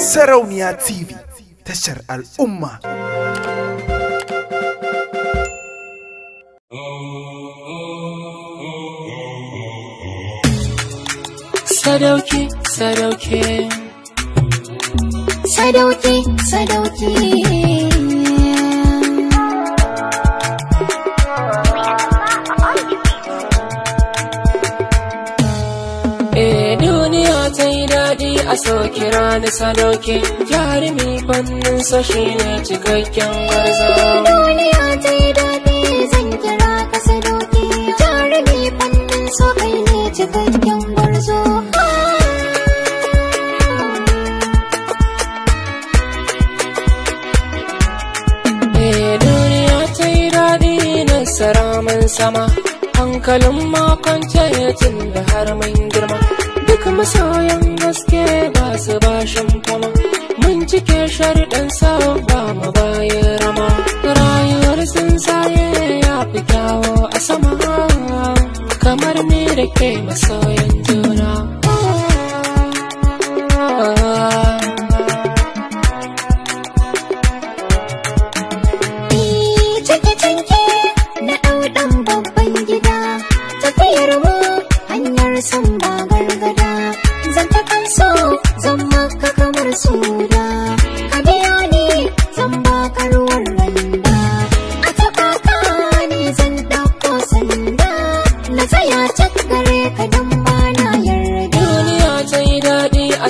Sarauniya TV tashar al'umma. Sadauki, sadauki. Sadauki, sadauki. do eh, a soki ni sadoki jarumi fannin sa shine cikakken gwarza duniya ta yi daɗi zan kira ka sadoki jarumi fannin sa kai cikakken gwarzo eh, duniya ta yi daɗi na saramin sama hankalin makon tun da har mun girma duk masoyan gaske ba su bashin fama mun cike sharɗan sawan ba mu baya rama rayuwar sun saye ya fi kyawo a sama kamar ni da ke masoyan juna Na ɗau babban gida, tafiyar hanyar sun ba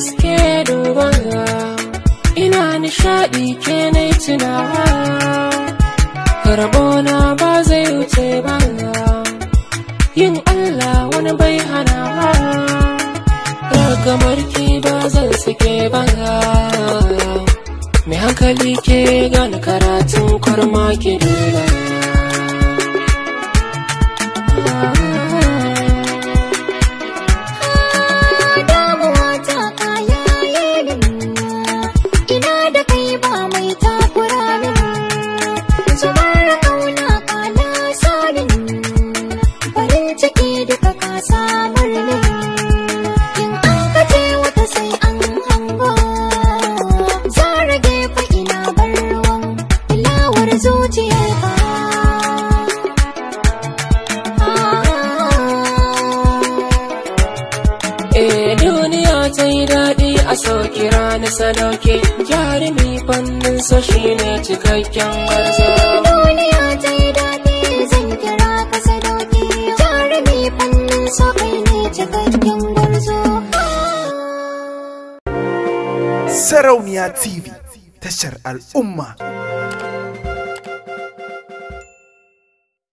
haske duba ina nishaɗi ke na tunawa karbona ba zai wuce ba yin Allah wani bai hana ba ragamar ki ba zan suke ba mai hankali ke gani karatun kwarma ke dula na sadauke jarumi fannin sa shine cikakken barza cikakken sarauniya tv tashar al'umma